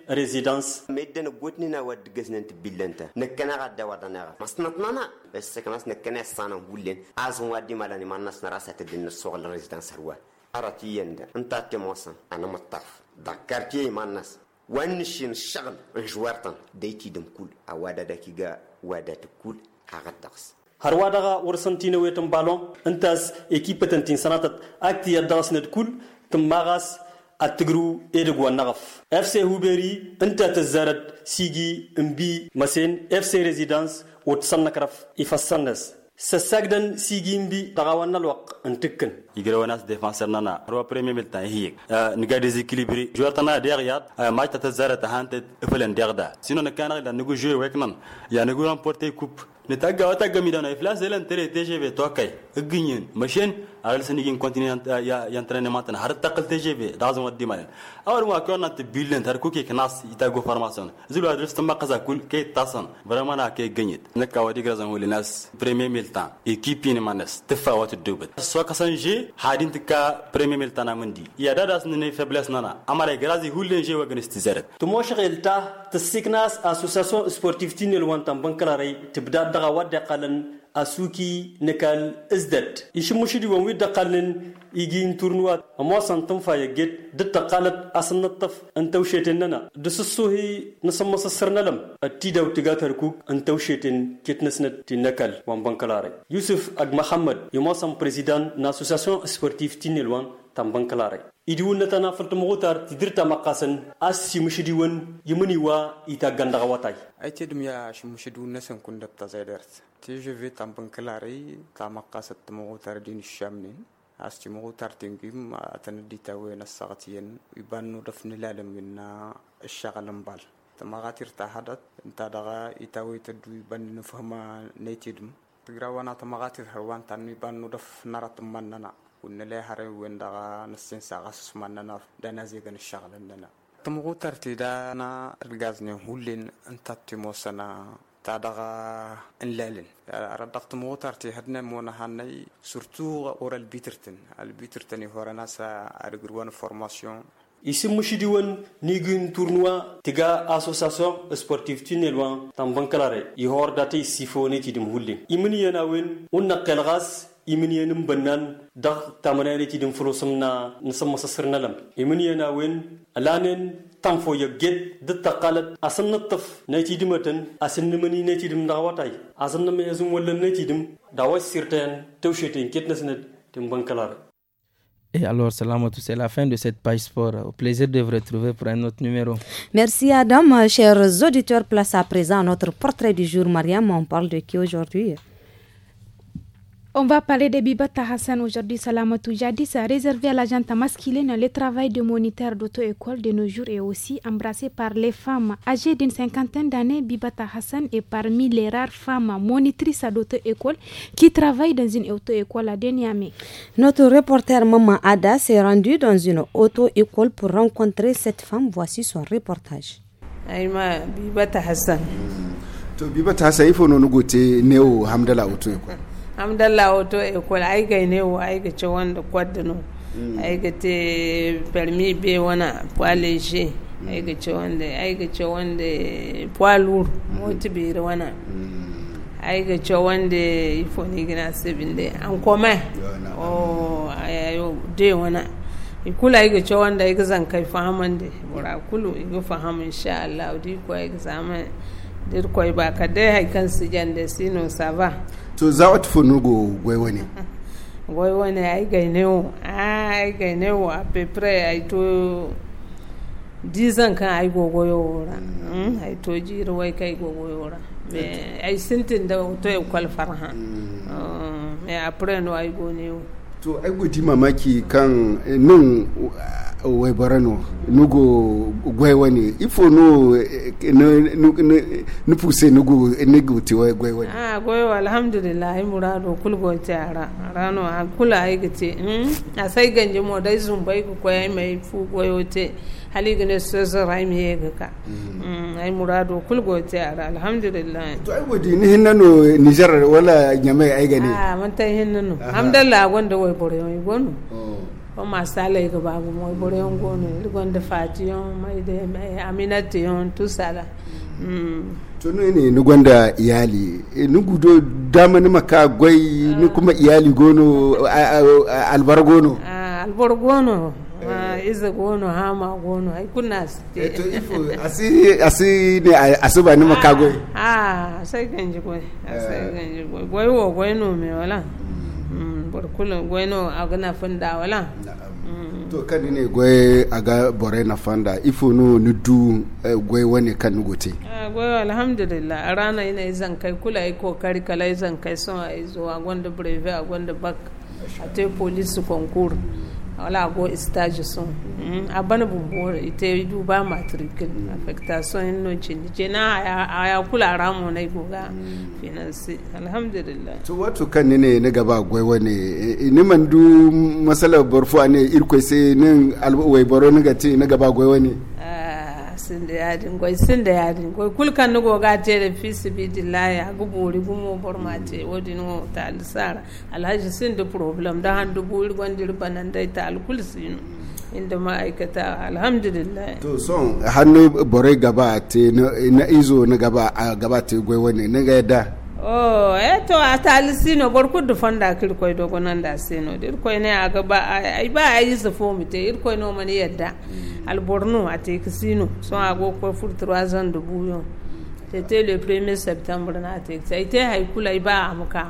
[SPEAKER 11] résidence medden gotnina wad gesnent billenta nekana gadda wadana masnatnana بس كما نكنا سانا ولين ازون وادي مالاني ما الناس نراسات الدين الصغل ريزيدانس هروال أراتيين ده أنت تموسن أنا مطف ذكرتي ما الناس ونشين الشغل جوارتن ديتي دم كل أوادا دكيجا وادا تكل هغدقس هروادغا ويتم بالون انتاس اكيبتن تنسانات اكتي ندكول تم مغاس التجرو إيرغ والنغف اف سي هوبيري انت تزارت سيجي امبي مسين اف سي ريزيدانس وتسنكرف يفسنس سساقدن سيجي امبي تغاوانا الوق انتكن يجروناس ديفانسر نانا هو بريمي ملتا هي آه، نغا جوار جورتنا ديغيات آه، ماي تتزارة تهانت افلن ديغدا سينو نكانا لا نغو جوي ويكنن يا نغو رامبورتي كوب نتاغا واتا غميدانا افلاس ديلن تري تي جي في توكاي اغنين مشين على سنين كونتيني ينترينمنت هر تقل تي جي بي إيه؟ لازم ودي مال اول ما كنا تبيلن تركو كي كناس يتاغو فارماسون زلو ادرس تما قزا كل كي تاسن فرما انا كي غنيت نكا ودي غرازن ولي ناس بريمي ميلتان ايكيبين مانس تفا وات دوبت سو كسن جي هادين تكا بريمي ميلتان مندي يا داداس نني فبلس نانا امال غرازي هولن جي وغنس تزرت تموش غيلتا تسيكناس اسوساسيون سبورتيف تين الوانتان بنكلاري تبدا دغا ودي asuki nekal izdet ishmushidi wan wi daqalin igin turnuwa amma san tan fa yaget da taqalat asan nataf an tawshetin nana da sussuhi na san masa sirnalam atti da tiga tarku an tawshetin kitnasna tinakal wan bankalare yusuf ag muhammad yumasan president na association sportive tinilwan tambankalare ኢድውነተና ፍርድ ምቁጠር ትድርታ መቃስን አስ ይምሽዲውን ይምንዋ ይታገንዳዋታይ አይቴድም ያ
[SPEAKER 4] ሽምሽዲውነሰን ኩንደብታ ዘይደርት ቲዥቪ ታምብንክላሪ ታመቃሰት ምቁጠር ዲንሻምኒን አስቲ ምቁጠር ቲንጊም አተንዲታዌ ነሳቅትየን ይባኑ ደፍን ላለምና እሻቀለምባል ተማቃቲር ታሃዳት እንታዳጋ ኢታዌ ተዱ ይባን ንፍህማ ነይቴድም ትግራዋና ተማቃቲር ህዋን ታኒ ባኑ ደፍ ናራት ማናና لا هري وين دغا نسين ساغا سمانا ناف دانا زيغن الشغل عندنا تمغو ترتي دانا رقازني هولين انت تيموسنا تادغا انلالن ردق تمغو ترتي هدنا مونا هاني سورتو اورا البيترتن البيترتن هورانا سا ارغروان فورماسيون
[SPEAKER 11] Ici, Diwan, mushidiwan nigin tournoi tiga association sportive tinelwan tambankalare i hordate sifone tidim hullin imini yana wen unna kelgas imin yenin bannan da tamana ne tidin furo sumna nsam masa sirna lam imin yana wen alanen tamfo ya get da taqalat asan nataf ne tidin matan asan nimani ne tidin da watai asan nimani yazun wallan ne tidin da wasirtan tawshetin kitnas ne tin bankalar
[SPEAKER 10] Et alors, salam à tous, c'est la fin de cette page sport. Au plaisir de vous retrouver pour un autre numéro.
[SPEAKER 2] Merci Adam, chers auditeurs. Place à présent à notre portrait du jour. Mariam, on parle de qui aujourd'hui
[SPEAKER 1] on va parler de Bibata Hassan aujourd'hui. Salamatou jadis réservé à la gente masculine, le travail de moniteur d'auto-école de nos jours est aussi embrassé par les femmes. Âgée d'une cinquantaine d'années, Bibata Hassan est parmi les rares femmes monitrices d'auto-école qui travaillent dans une auto-école à Deniamé.
[SPEAKER 2] Notre reporter Maman Ada s'est rendue dans une auto-école pour rencontrer cette femme. Voici son reportage.
[SPEAKER 12] Aïma Bibata Hassan. Mm.
[SPEAKER 13] Bibata Hassan, il faut nous goûter Hamdala auto-école.
[SPEAKER 12] hamdallah wato ekol ai ga ne wo ai ga ce wanda no mm. ai ga te permi be wana poilege mm. ai ga ce wanda ai ga ce wanda poilur mm. moti be wana ai ga ce wanda ifo ni gina sebin de an koma o ayo oh, de wana ikula ai ga ce wanda ai ga zan kai fahaman de bura kulu ai ga fahaman insha Allah di ko ai ga zaman dirkoy ba ka dai hay kan su jande sino sava
[SPEAKER 13] to za wat funugo goy woni
[SPEAKER 12] goy woni ay gay newo ay gay newo a peu près ay to dizan kan ay gogoyo wora ay to jiro way kay mais ay sinti da to e kwal farha mais hmm. oh, après no ay go newo to ay
[SPEAKER 13] go di mamaki kan eh, nan wai barano nugo gwaiwani ifo no nufuse nugo nugo ti wai gwaiwani
[SPEAKER 12] ah gwaiwa alhamdulillah ai murado kul go ti rano a kula ai gite hmm? a sai ganje mo dai zumbai ku koyai mai fu goyo te hali gane so so rai mi ga ka hmm. Hmm, ai murado kul go ti ara alhamdulillah to ai
[SPEAKER 13] wodi ni hinano nijar wala nyamai ai gane ah
[SPEAKER 12] man tai hinano alhamdulillah gonda wai bore wai gonu oh. o masalay ga babu moy y'an gono rigonde fatiyon mayde aminateyon tout sala mm. tunu
[SPEAKER 13] ne ni da iyali e, ni gudo dama ni maka gwai ni ah. kuma iyali gono albar gono
[SPEAKER 12] ah, albar gono ah, iza gono hama gono ai kuna e, to ifo
[SPEAKER 13] asi asi ne asi ba ni maka gwai
[SPEAKER 12] ah sai ganji gwai eh. sai ganji gwai gwai wo gwai no me wala burkulu a agana funda wala
[SPEAKER 13] mm. to kani ne gwe aga bore na fanda ifo no ni du eh, gwe wani kan gote
[SPEAKER 12] ah, gwe alhamdulillah a rana ina izan kai kula yi kokari kala izan kai son a izo a gwanda breve a gwanda bak a te police concours wala go stage son hmm, a bana bumbore ita yi duba matrikil hmm. affectation yin no je na a ya kula ramu na goga hmm. finance alhamdulillah to
[SPEAKER 13] wato kan ne na gaba gwaiwa ne e, e, ni man du masala barfu ne irko sai nin alwai baro ni na gaba gwaiwa ne
[SPEAKER 12] ah, sin da yadin gwai sin da yadin gwai kulkan ni goga te da fi sibidillahi a gubori gumo borma te wodi no ta alisara alhaji sin da problem da han dubu gondir banan dai ta alkul sinu inda ma'aikata alhamdulillah to son
[SPEAKER 13] hannu bore gaba te na izo na gaba a gaba te gwai wani na ga yadda
[SPEAKER 12] oh eto eh, a talisino borku du fonda kir koy dogo nanda sino dir koy ne mm. a ga ba ay ba ay yi fo mi te ir koy no man yedda al borno ate Sino, so a go ko fur 3 ans de bouillon c'était le 1er septembre na te ay te hay kula ba am ka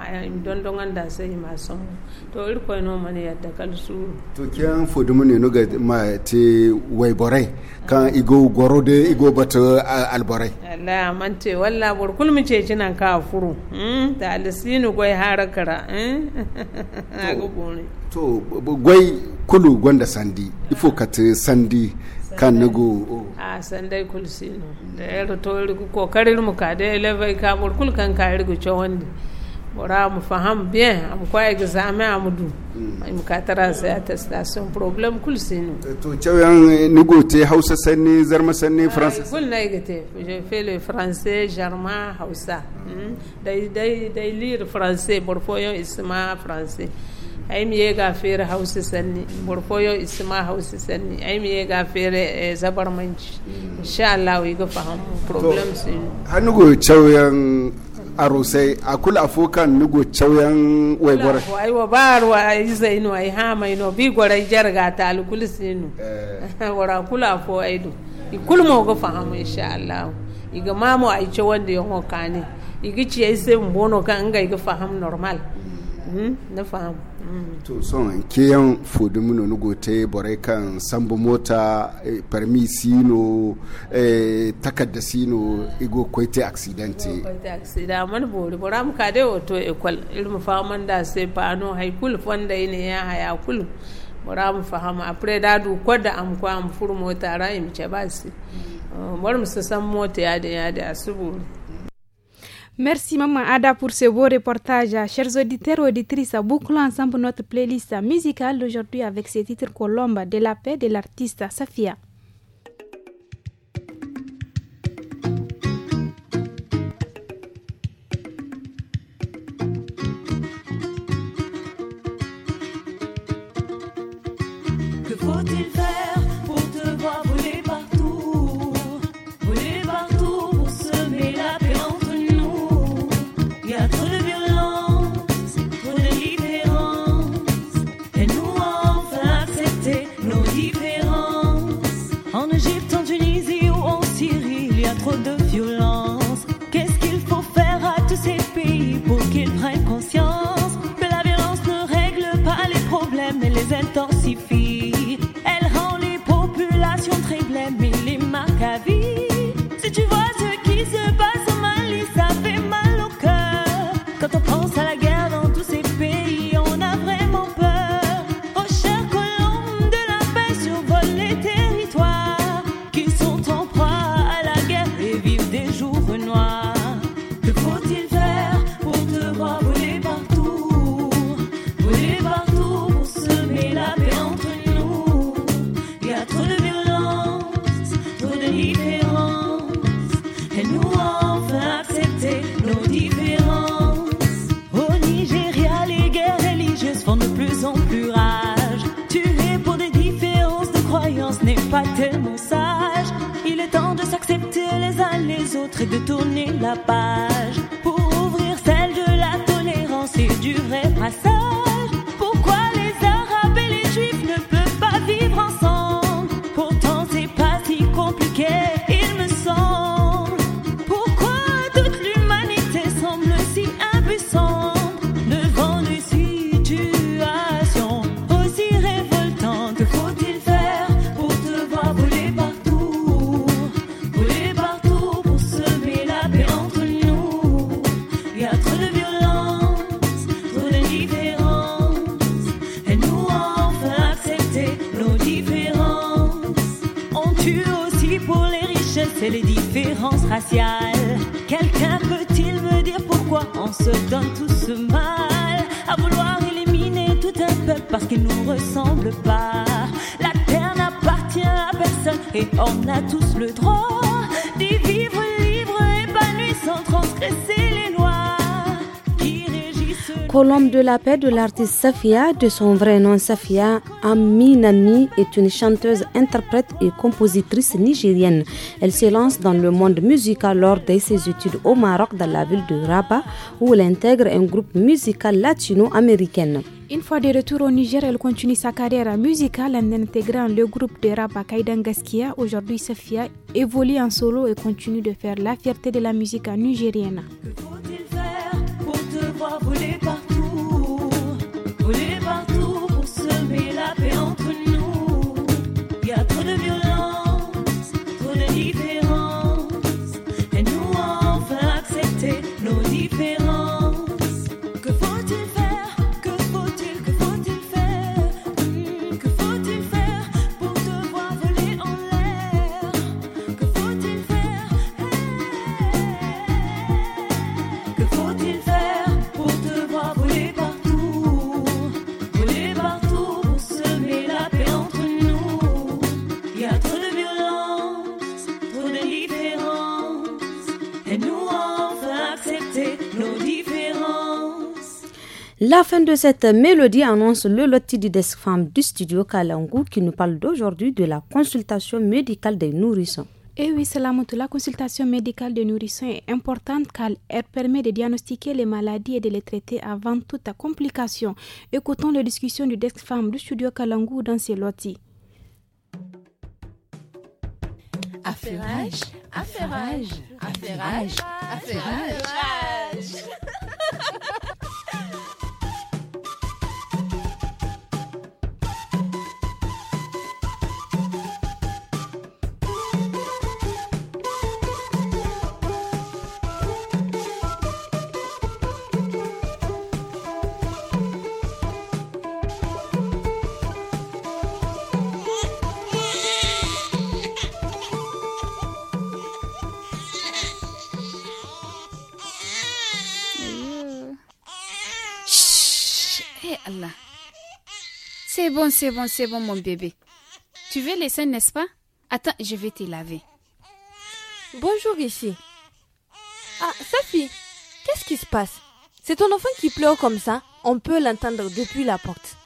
[SPEAKER 12] don don nanda sai ma somo to irko no mane ya takal suru
[SPEAKER 13] to kyan fudu ne no ga ma te way borai kan igo de igo al alborai
[SPEAKER 12] Allah man te walla bor kul mi ce cinan ka furu mm ta alsinu goy harakara mm
[SPEAKER 13] to goy kulu gonda sandi ifo kat sandi kan nugu.
[SPEAKER 12] a sandai kul sino da yaro to ko kokarin mu ka da leva ka bor kul kan ka irgo chawandi bora mu faham bien am ko examen am du hmm. am ka tara sa attestation problem kul sinu eh, to
[SPEAKER 13] cewan eh, ni gote hausa sanni zarma sanni français
[SPEAKER 12] kul nay gote je fais le français germain hausa hmm. dai dai dai lire français bor foyo isma français ay mi yega fere hausa sanni bor foyo isma hausa sanni ay mi yega fere eh, zabar manchi hmm. inshallah wi go faham problem sinu
[SPEAKER 13] hanugo cewan a a akul afokan nugo chawyan way gore
[SPEAKER 12] ay wa ruwa wa izai no ay ha mai no bi gore jarga ta alkul sinu eh. wara kula fo ay do ikul mo go fahamu insha Allah iga mamu ay ce wanda ya hokane igi ci ay sai mbono kan ga iga faham normal Hmm? na faham hmm.
[SPEAKER 13] to son yan fodu muno nugo te bore kan sambu mota eh, permi sino eh, takadda sino igo koite accident koite
[SPEAKER 12] accident man bori bora mu ka de oto ekol irin faman da se pano hay kul fonda ine ya haya kul bora mu fahama apre da du koda am ko am fur mota ra im ce basi hmm. oh, bor mu san mota ya de ya da
[SPEAKER 1] Merci Maman Ada pour ce beau reportage. Chers auditeurs et auditrices, bouclons ensemble notre playlist musicale d'aujourd'hui avec ce titre Colombe de la paix de l'artiste Safia.
[SPEAKER 14] Bye.
[SPEAKER 2] de l'artiste Safia, de son vrai nom Safia Aminami, est une chanteuse, interprète et compositrice nigérienne. Elle se lance dans le monde musical lors de ses études au Maroc, dans la ville de Rabat, où elle intègre un groupe musical latino-américain.
[SPEAKER 1] Une fois de retour au Niger, elle continue sa carrière musicale en intégrant le groupe de Rabat Kaidan Gaskia. Aujourd'hui, Safia évolue en solo et continue de faire la fierté de la musique nigérienne.
[SPEAKER 2] fin de cette mélodie annonce le loti du desk femme du studio Kalangu qui nous parle d'aujourd'hui de la consultation médicale des nourrissons.
[SPEAKER 1] Et eh oui, montre la consultation médicale des nourrissons est importante car elle permet de diagnostiquer les maladies et de les traiter avant toute complication. Écoutons les discussions du desk femme du studio Kalangu dans ces lotis.
[SPEAKER 7] C'est bon, c'est bon, c'est bon, mon bébé. Tu veux les seins, n'est-ce pas Attends, je vais te laver. Bonjour, ici. Ah, Safi, qu'est-ce qui se passe C'est ton enfant qui pleure comme ça. On peut l'entendre depuis la porte.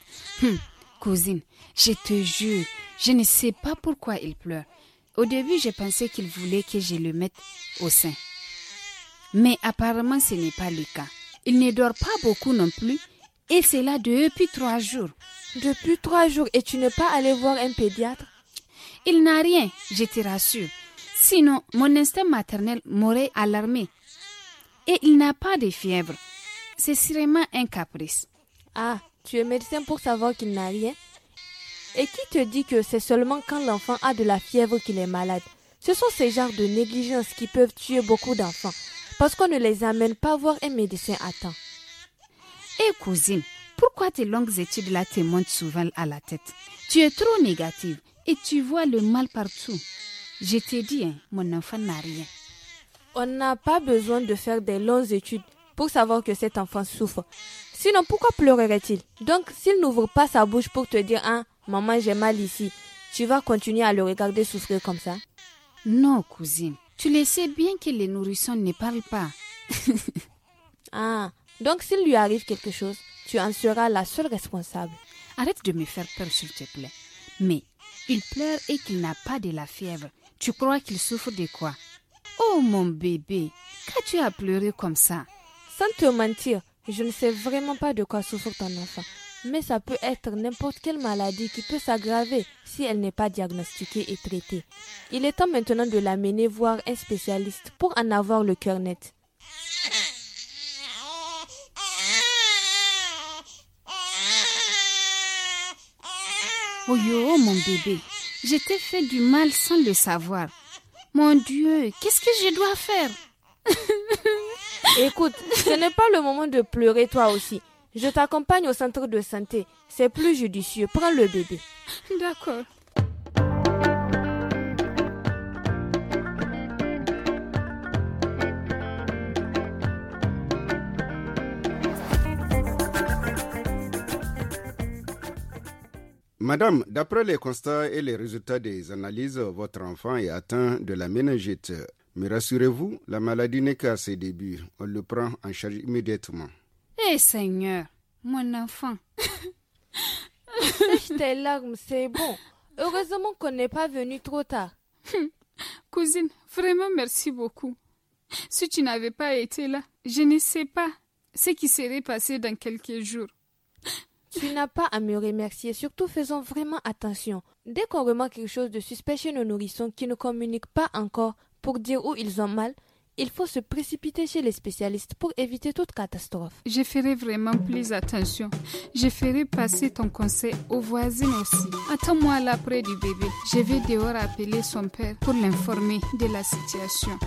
[SPEAKER 7] Hum, cousine, je te jure, je ne sais pas pourquoi il pleure. Au début, j'ai pensé qu'il voulait que je le mette au sein. Mais apparemment, ce n'est pas le cas. Il ne dort pas beaucoup non plus, et c'est là depuis trois jours. Depuis trois jours et tu n'es pas allé voir un pédiatre Il n'a rien, je te rassure. Sinon, mon instinct maternel m'aurait alarmé. Et il n'a pas de fièvre. C'est sûrement un caprice. Ah, tu es médecin pour savoir qu'il n'a rien Et qui te dit que c'est seulement quand l'enfant a de la fièvre qu'il est malade Ce sont ces genres de négligences qui peuvent tuer beaucoup d'enfants parce qu'on ne les amène pas voir un médecin à temps. Et cousine, pourquoi tes longues études-là te souvent à la tête Tu es trop négative et tu vois le mal partout. Je t'ai dit, hein, mon enfant n'a rien. On n'a pas besoin de faire des longues études pour savoir que cet enfant souffre. Sinon, pourquoi pleurerait-il Donc, s'il n'ouvre pas sa bouche pour te dire, ah, maman, j'ai mal ici, tu vas continuer à le regarder souffrir comme ça Non, cousine. Tu le sais bien que les nourrissons ne parlent pas. ah, donc s'il lui arrive quelque chose, tu en seras la seule responsable. Arrête de me faire peur, s'il te plaît. Mais il pleure et qu'il n'a pas de la fièvre. Tu crois qu'il souffre de quoi Oh mon bébé, qu'as-tu à pleurer comme ça Sans te mentir, je ne sais vraiment pas de quoi souffre ton enfant. Mais ça peut être n'importe quelle maladie qui peut s'aggraver si elle n'est pas diagnostiquée et traitée. Il est temps maintenant de l'amener voir un spécialiste pour en avoir le cœur net. Oh mon bébé, je t'ai fait du mal sans le savoir. Mon Dieu, qu'est-ce que je dois faire Écoute, ce n'est pas le moment de pleurer toi aussi. Je t'accompagne au centre de santé. C'est plus judicieux. Prends le bébé. D'accord.
[SPEAKER 13] Madame, d'après les constats et les résultats des analyses, votre enfant est atteint de la méningite. Mais rassurez-vous, la maladie n'est qu'à ses débuts. On le prend en charge immédiatement.
[SPEAKER 7] Eh Seigneur, mon enfant. Sèche tes larmes, c'est bon. Heureusement qu'on n'est pas venu trop tard. Cousine, vraiment merci beaucoup. Si tu n'avais pas été là, je ne sais pas ce qui serait passé dans quelques jours. Tu n'as pas à me remercier, surtout faisons vraiment attention. Dès qu'on remarque quelque chose de suspect chez nos nourrissons qui ne communiquent pas encore pour dire où ils ont mal, il faut se précipiter chez les spécialistes pour éviter toute catastrophe. Je ferai vraiment plus attention. Je ferai passer ton conseil aux voisines aussi. Attends-moi là près du bébé. Je vais dehors appeler son père pour l'informer de la situation.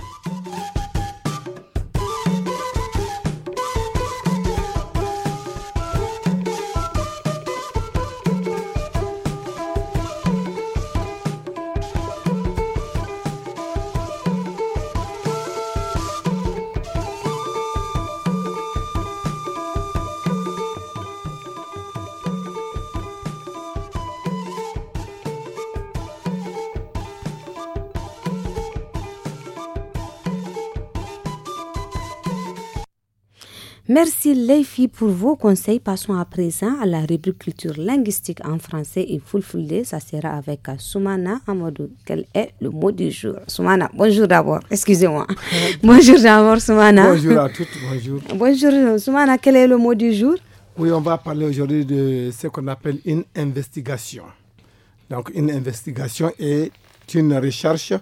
[SPEAKER 2] Merci les pour vos conseils. Passons à présent à la rubrique linguistique en français et fulfulde. Ça sera avec Soumana Amadou. Quel est le mot du jour Soumana, bonjour d'abord. Excusez-moi. bonjour d'abord Soumana. Bonjour à toutes, bonjour. Bonjour Soumana, quel est le mot du jour
[SPEAKER 15] Oui, on va parler aujourd'hui de ce qu'on appelle une investigation. Donc une investigation est une recherche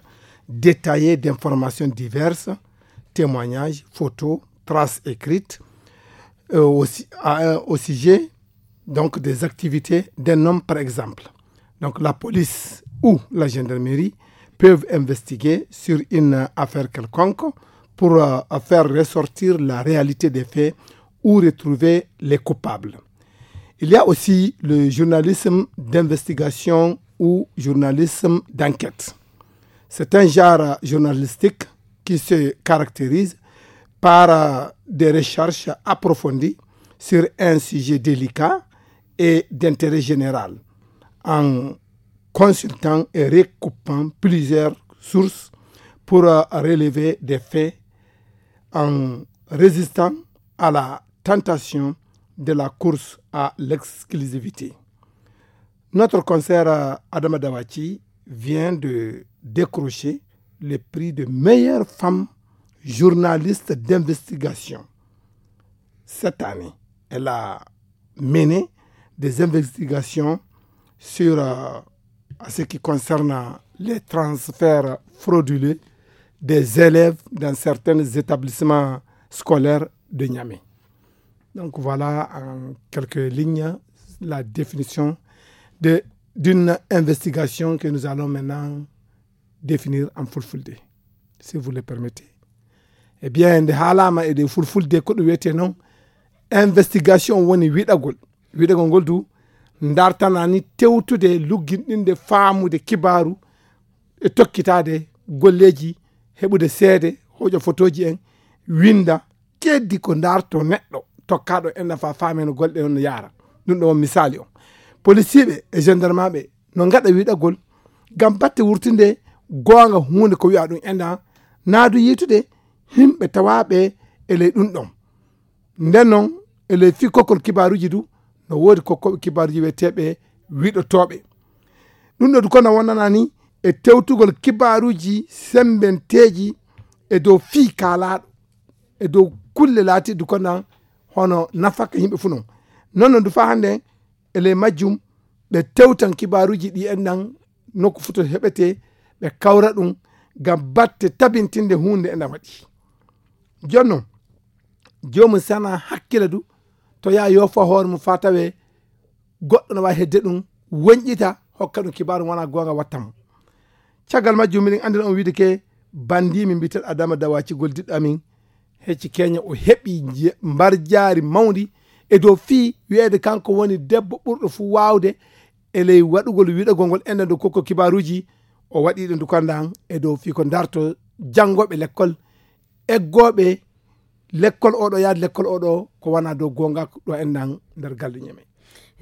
[SPEAKER 15] détaillée d'informations diverses, témoignages, photos, traces écrites euh, au, à, au sujet donc, des activités d'un homme, par exemple. Donc la police ou la gendarmerie peuvent investiguer sur une affaire quelconque pour euh, faire ressortir la réalité des faits ou retrouver les coupables. Il y a aussi le journalisme d'investigation ou journalisme d'enquête. C'est un genre euh, journalistique qui se caractérise par euh, des recherches approfondies sur un sujet délicat et d'intérêt général, en consultant et recoupant plusieurs sources pour euh, relever des faits en résistant à la tentation de la course à l'exclusivité. Notre concert euh, Adama Dawachi vient de décrocher le prix de meilleure femme journaliste d'investigation. Cette année, elle a mené des investigations sur euh, ce qui concerne les transferts frauduleux des élèves dans certains établissements scolaires de Niamey. Donc voilà en quelques lignes la définition d'une investigation que nous allons maintenant définir en full, full si vous le permettez. e biyande haalama eɗe fulfulde ko ɗum wiyete noon investigation woni wiɗagol wiɗagol ngol du dartanani tewtude lugginɗinde faamude kibaru e tokkitade golleji heɓude seede hoƴo photoji en winda keddi ko darto neɗɗo tokkaɗo en nafa faameno golɗe on no yara ɗum ɗo on misali o policiɓe e gendarme ɓe no gaɗa wiɗagol gam batte wurtinde gonga hunde ko wiya ɗum endan naadu yitude himɓe tawaɓe e ley ɗum ɗon nden noon eley fi kokkol kibaruji du no woodi kokkoɓe kibaruji wiyeteɓe wiɗotoɓe ɗum ɗo du kono wonana ni e tewtugol kibaruji sembenteji e dow fi kalaɗo e dow kulle laatiɗi kono hono nafaka yimɓe fuu non non no du fa hande ele majjum ɓe tewtan kibaruji ɗi en nokku futo heɓete ɓe kawra ɗum ngam batte tabintinde hunde ena waɗi jonnon jomum sana hakkille du to yaha yofo hoore mum fa tawe goɗɗo no wawi hedde ɗum wonƴita hokka ɗum kibaru wona gonga watta mo caggal majjum miɗen andina on wiide ke bandimi mbiteɗo adama dawaci diɗɗo amin hecci keña o heɓi mbarjaari mawdi e dow fii wiyede kanko woni debbo ɓurɗo fuu waawde e ley waɗugol wiɗagol ngol enden do kokko kibaruuji o waɗi ɗo dukandan e dow fii ko darto janngoɓe l'école Et l'école oɗo yaade l'école oɗo ko wona dow gonga ɗo en nan nder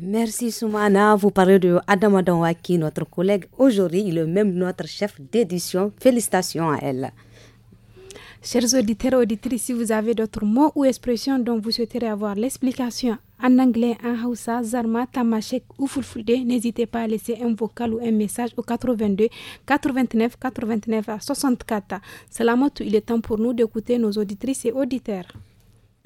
[SPEAKER 15] Merci
[SPEAKER 2] Soumana, vous parlez de Adama Danwaki, notre collègue. Aujourd'hui, il est même notre chef d'édition. Félicitations à elle. Chers
[SPEAKER 1] auditeurs et auditrices, si vous avez d'autres mots ou expressions dont vous souhaiterez avoir l'explication en anglais, en Hausa, Zarma, Tamashek ou Fulfulde, n'hésitez pas à laisser un vocal ou un message au 82 89 89 à 64. Salamotu, il est temps pour nous d'écouter nos auditrices et auditeurs.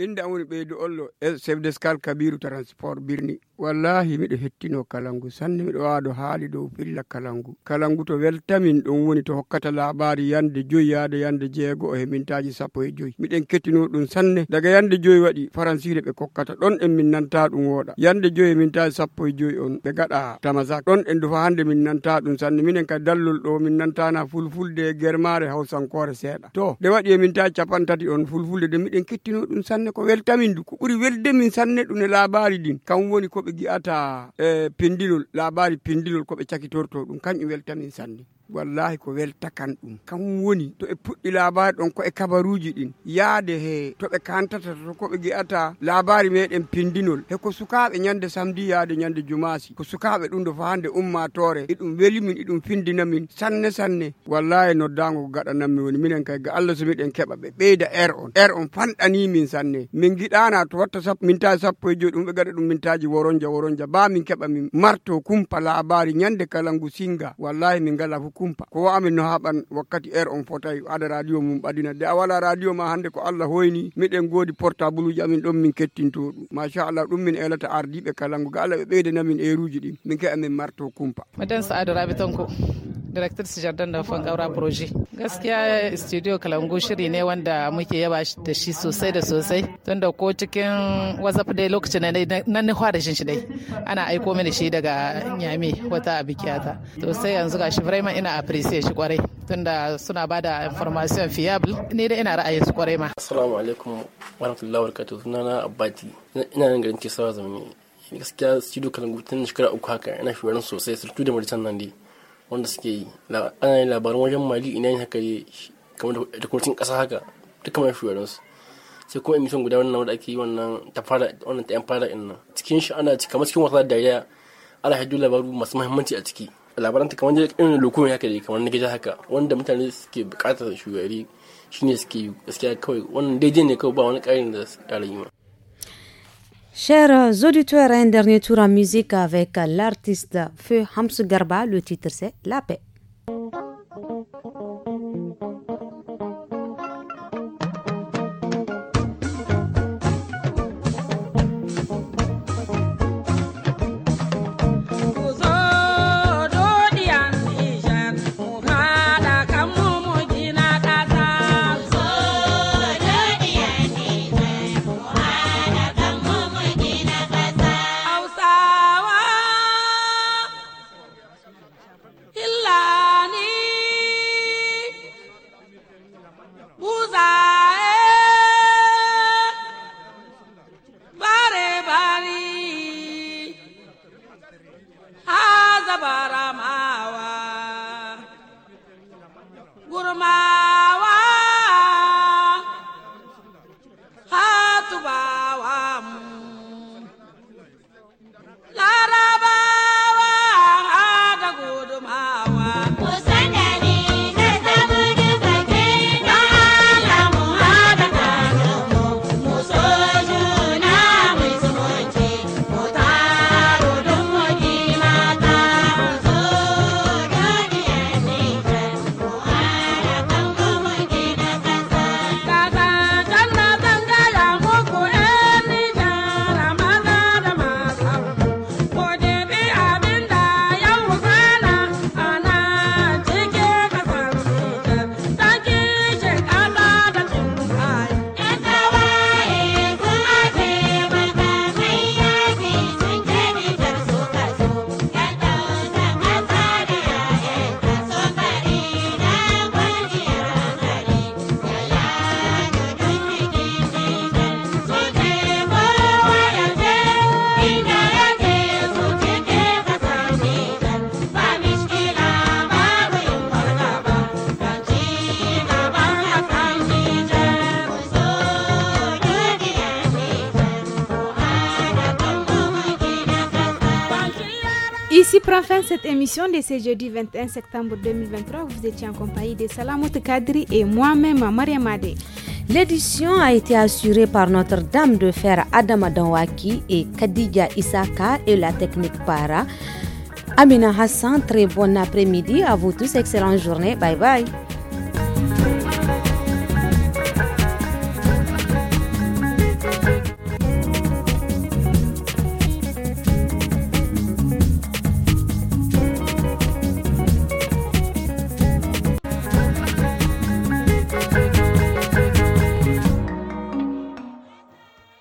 [SPEAKER 4] innde am woni ɓeydu ollo e chef de scale kabiru transport birni wallahi miɗo hettino kalangu sanne miɗo waawaɗo haali dow filla kalangu kalangu to weltamin ɗum woni to hokkata laaɓaari yannde joyi yahde yannde jeego o he mintaaji sappo e joyi miɗen kettino ɗum sanne daga yannde joyi waɗi faransire ɓe kokkata ɗon en min nanta ɗum wooɗa yannde joyi e mintaaji sappo e joyi on ɓe gaɗa tamasak ɗon en dufa hannde min nanta ɗum sanne minen kadi dallol ɗo min nantana fulfulde germare hawsankore seeɗa to nde waɗi e mintaaji capantati on fulfulde nde miɗen kettino ɗum sanne sanne ko weltamin du ko ɓuri welde min sanne ɗum eh, e labari ɗin kam woni koɓe gi'ata e pendilol labari pendilol koɓe cakitorto ɗum kañƴum weltamin sanne wallahi ko weltakan ɗum kam woni to e puɗɗi labari ɗon ko e kabaruji ɗin yaade he toɓe kantata to koɓe ɓe gi'ata labari meɗen pindinol heko sukaɓe ñande samedi yaade ñande jumasi ko sukaɓe ɗum do fa hande ummatore iɗum e weli min iɗum e findina min sanne sanne wallahi noddago ko gaɗananmi woni minen kay ga allah so miɗen keɓa ɓe ɓeyda air on air on fanɗani min sanne min giɗana to watta sappo mintaji sappo e joyi ɗum ɓe gaɗa ɗum mintaji woronja woronja ba min keɓa min marto kumpa labari ñande kala kalangu singa wallahi min ngala fof kumpa ko amin no haɓan wakkati heure on fotayi e ada radio mum ɓadina de a wala radio ma hannde ko allah hoyni miɗen goodi portable uji amin ɗon min kettinto ɗum machallah ɗum min elata ardiɓe kalango ga allah ɓe ɓeydanamin heure uji ɗin min keɓa min marto kumpa
[SPEAKER 12] maden sa adoraɓe ton ko director Jardin da Fangaura Proje. Gaskiya studio Kalangu shiri ne wanda muke yaba da shi sosai da sosai. Tunda ko cikin WhatsApp dai lokacin da nan ni fara shin shi dai. Ana aiko mini shi daga Nyami wata abikiyata. To sai yanzu gashi vraiment ina appreciate shi kwarai. Tunda suna ba da information fiable ni da ina ra'ayin su kwarai ma. Assalamu alaikum wa
[SPEAKER 10] wabarakatuh. Sunana Abbati. Ina nan garin Kisawa Zamani. Gaskiya studio Kalangu tun shekara uku haka ina shugaban sosai surtu da Maritan nan dai. wanda suke yi ana yin labarin wajen mali ina yin haka kamar da kurtin kasa haka duka mai shugabansu sai kuma emission guda wannan wanda ake yi wannan ta fara wannan ta yan fara in nan cikin shi ana cika cikin wasa dariya ana haidu labaru masu muhimmanci a ciki labaran ta kamar da irin lokumin haka dai kamar na gida haka wanda mutane suke bukatar shugari shine suke gaskiya kawai wannan daidai ne kawai ba wani karin da su yi ma
[SPEAKER 2] Chers auditeurs, un dernier tour en musique avec l'artiste Feu Hams Garba. Le titre, c'est La paix.
[SPEAKER 1] Pour fin cette émission de ce jeudi 21 septembre 2023. Vous étiez en compagnie de Salamout Kadri et moi-même, Maria Mariamade. L'édition a été assurée par
[SPEAKER 2] notre dame de fer Adama Danwaki et Kadiga Isaka et la technique para. Amina Hassan, très bon après-midi à vous tous, excellente journée. Bye bye.